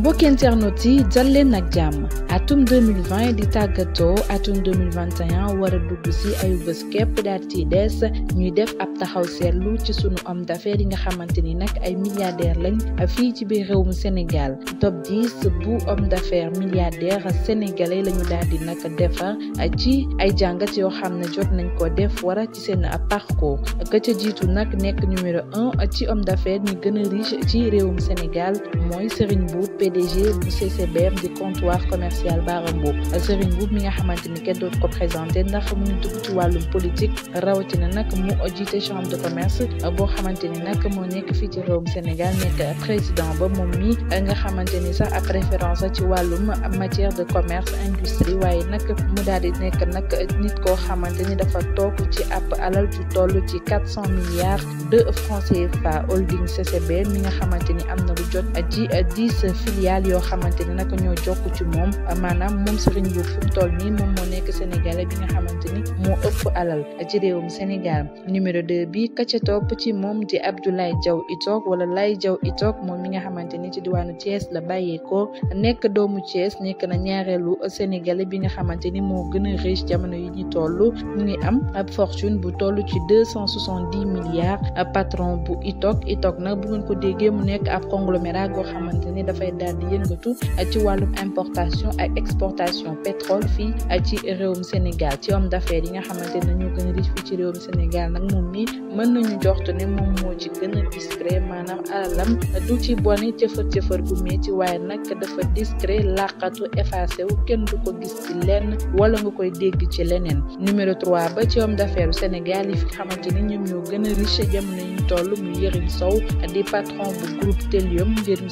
mbokki internautes yi dal leen ak jàmm. atum di tàggatoo atum 2021 war a dugg si ayu bés képp daal ci des ñuy def ab taxaw seetlu ci sunu homme d'affaires yi nga xamante ni nag ay milliardaire lañ fii ci biir réewum Sénégal top 10 bu homme d'affaires milliardaire sénégalais la ñu daal di nag defar ci ay jàngat yoo xam ne jot nañ ko def wara ci seen parcours ka ca jiitu nag nekk numéro un ci homme d'affaires ñi gën a riche ci réewum Sénégal mooy Serigne Bour PDG bu CCBM di comptoir spécial Bara Mboup Serigne Mboup mi nga xamante ni kenn dootu ko présenté ndax mu ngi dugg ci wàllum politique rawatina nag mu jiite chambre de commerce boo xamante ni nag moo nekk fii ci réewum Sénégal nekk président ba moom mi nga xamante ni sax ak référence ci wàllum matière de commerce industrie waaye nag mu daal di nekk nag nit koo xamante ni dafa toog ci ab alal ju toll ci quatre cent milliards de francs CFA holding CCB mi nga xamante ni am na lu jot ji dix filiales yoo xamante ni nag ñoo jokk ci moom maanaam moom Serigne Diouf fi mu toll nii moom moo nekk sénégalais bi nga xamante ni moo ëpp alal ci réewum Sénégal numéro 2 bi ka ca topp ci moom di Abdoulaye Diaw Itoog wala Laye Diaw Itoog moom mi nga xamante ni ci diwaanu Thiès la bàyyeekoo nekk doomu Thiès nekk na ñaareelu sénégalais bi nga xamante ni moo gën a riche jamono yi ñu toll mu ngi am ab fortune bu toll ci deux cent soixante dix milliards patron bu Itoog Itoog nag bu ngeen ko déggee mu nekk ab conglomérat goo xamante ni dafay daal di yëngatu ci wàllum importation. ak exportation pétrole fii ci réewum Sénégal ci homme d'affaires yi nga xamante ne ñoo gën a riche fii ci réewum Sénégal nag moom mii mën nañu joxtu ne moom moo ci gën a discret maanaam alalam du ci bone cëfër cëfër gu metti waaye nag dafa discret làqatu effacé wu kenn du ko gis ci lenn wala nga koy dégg ci leneen numéro 3 ba ci homme d'affaires Sénégal yi fi xamante ni ñoom ñoo gën a riche jamono ñu toll mu Yérim Sow di patron bu groupe Telium Yérim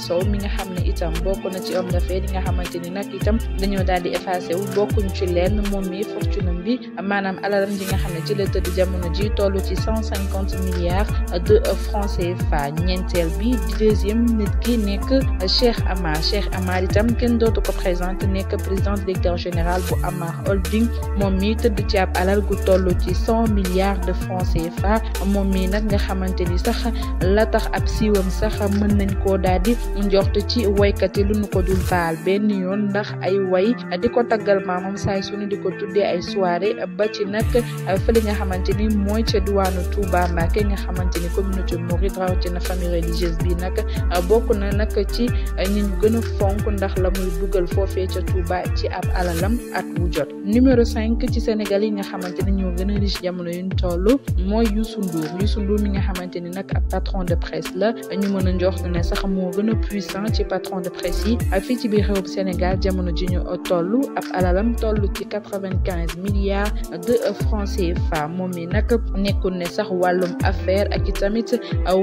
ñoom dañoo daal di effacé wu bokkuñu ci lenn moom mi fortune bi maanaam alalam ji nga xam ne ci la tëdd jamono ji tollu ci cent cinquante milliards de francs CFA ñeenteel bi deuxième nit ki nekk Cheikh Amar Cheikh Amar itam kenn dootu ko présenté nekk président directeur général bu Amar Holding moom mi tëdd ci ab alal gu toll ci cent milliards de francs CFA moom mi nag nga xamante ni sax la tax ab siiwam sax mën nañ koo daal di njort ci woykat yi lu nu ko dul baal benn yoon ndax ay way di ko taggal maamam saay su ne di ko tuddee ay soirée ba ci nag eh, fële nga xamante ni mooy ca diwaanu Touba Mbacké nga xamante ni communauté mouride rawatina famille religieuse eh, bokk na nag ci eh, ñi ñu gën a fonk ndax la muy dugal foofee ca Touba ci ab alalam ak wu jot numéro cinq ci Sénégal yi nga xamante ni ñoo gën a jamono yuñ toll mooy Youssou Ndour Youssou mi nga xamante ni nag ab patron de presse la ñu mën a njox ne sax moo gën puissant ci patron de presse yi fii ci biir réewum Sénégal jamono jamono ji ñu toll ab alalam toll ci quatre-vingt-quinze milliards de francs CFA moom mi nag nekkul ne sax wàllum affaire ak i tamit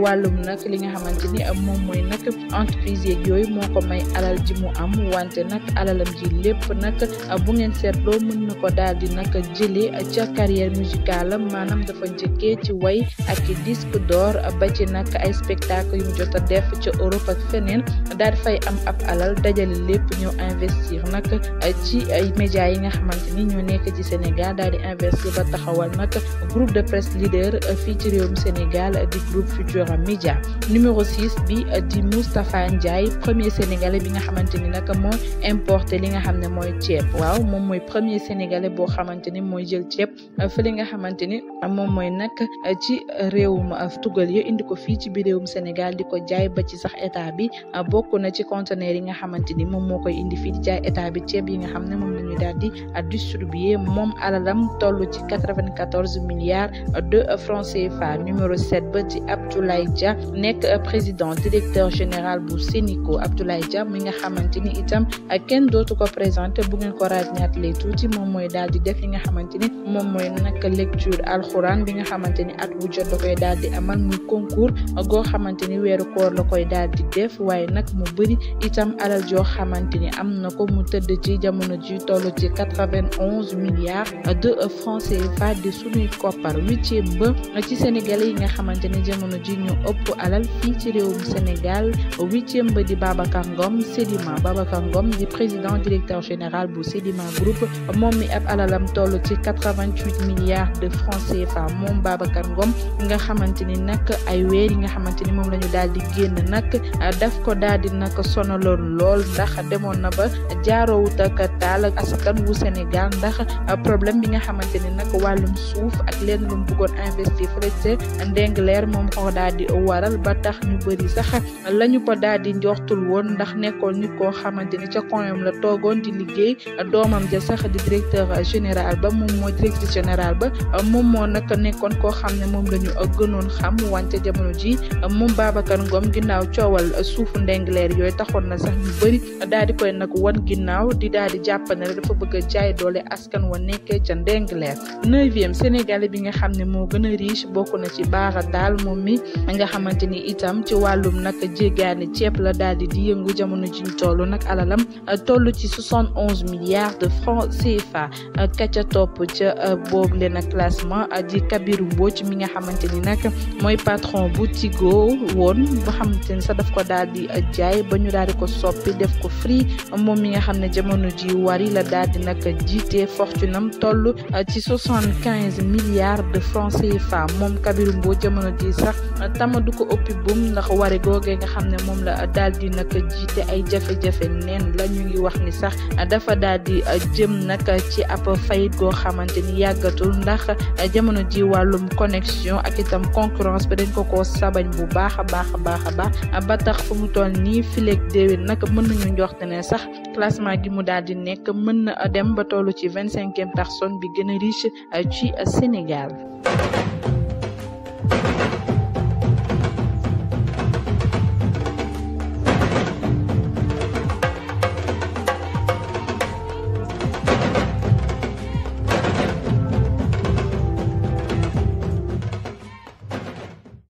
wàllum nag li nga xamante ni moom mooy nag entreprise yeeg yooyu moo ko may alal ji mu am wante nag alalam ji lépp nag bu ngeen seetloo mën na ko daal di nag jëlee ca carrière musicale maanaam dafa njëkkee ci way ak i disque d'or ba ci nag ay spectacle yu mu jot a def ca Europe ak feneen daal di am ab alal dajale lépp ñëw investir. investir nag ci ay yi nga xamante ni ñoo nekk ci Sénégal daal di investir ba taxawal nag groupe de presse leader euh, fii ci réewum Sénégal di groupe Futur Média numéro 6 bi euh, di Moustapha Ndiaye premier sénégalais bi nga xamante ni nag moo importé li nga xam ne mooy ceeb waaw moom mooy premier sénégalais boo xamante ni mooy jël ceeb euh, fële nga xamante ni moom mooy nag ci réewum tugal yo indi ko fii ci biir réewum Sénégal di ko jaay ba ci sax état bi bokk na ci conteneur yi nga xamante moom moo état bi ceeb yi nga xam ne moom la ñuy daal di distribuer moom alalam toll ci quatre-vingt-quatorze milliards de francs CFA numéro sept ba ci Abdoulaye Dia nekk président directeur général bu Sénico Abdoulaye Dia mi nga xamante ni itam kenn dootu ko présenté bu ngeen ko ràññaat lay tuuti moom mooy daal di def yi nga xamante ni moom mooy nag lecture alxuraan bi nga xamante ni at bu jot la koy daal di amal muy concours goo xamante ni weeru koor la koy daal di def waaye nag mu bëri itam alal joo xamante ni am na ko. mu tëdd ci jamono ji toll ci quatre-vingt-onze milliards de francs CFA di sunuy koppar huitième ba ci sénégalais yi nga xamante ne jamono ji ñu ëpp alal fii ci réewum Sénégal huitième ba di Babacar Ngom Sedima Babacar Ngom di président directeur général bu Sedima Group moom mi ab alalam toll ci quatre-vingt-huit milliards de francs CFA moom Babacar Ngom nga xamante ni nag ay weer yi nga xamante ni moom la ñu daal di génn nag daf ko daal di nag sonaloon lool ndax demoon na ba jaaroowut ak taal ak askan wu Sénégal ndax problème bi nga xamante ne nag wàllum suuf ak leen lu mu bëggoon investir fële ca moom ko daal di waral ba tax ñu bëri sax lañu ko daal di njoxtul woon ndax nekkoon nit koo xamante ne ca koñam la toogoon di liggéey doomam ja sax di directeur général ba moom moo directeur général ba moom moo nag nekkoon koo xam ne moom la ñu gënoon xam wante jamono ji moom Babacar Ngom ginnaaw coowal suufu Ndingler yooyu taxoon na sax ginnaaw di daal di jàpp ne dafa bëgg a jaay doole askan wa nekkee ca Ndingler neuvième sénégalais bi nga xam ne moo gën a riche bokk na ci Bara daal moom mi nga xamante ni itam ci wàllum nag jéggaani ceeb la daal di di yëngu jamono ji ñu toll nag alalam euh, tollu ci soixante onze milliards de francs CFA euh, ka ca topp ca euh, boobu leen ak classement di Kabirou Mbodj mi nga xamante ni nag mooy patron bu Tigo woon ba xamante ni sax daf ko daal di jaay ba ñu daal di ko soppi def ko free moom xam ne jamono ji wari la daal di nag jiite fortune am toll uh, ci soixante quinze milliards de francs CFA moom Kabirou boo jamono ji sax uh, tamadu ko ëppi buum ndax wari googee nga xam ne moom la uh, daal di nag jiite ay jafe-jafe neen la ñu ngi wax ni sax dafa daal di jëm nag ci ab fayit goo xamante ni yàggatul ndax jamono ji wàllum connexion ak itam concurrence ba dañ ko ko sabañ bu baax a baax a baax a baax ba tax fu mu toll nii fileeg déwén nag mën nañu njoxte ne sax classement gi mu daal di nekk mën na dem ba tollu ci vingt-cinquième personne bi gën a riche euh, ci euh, Sénégal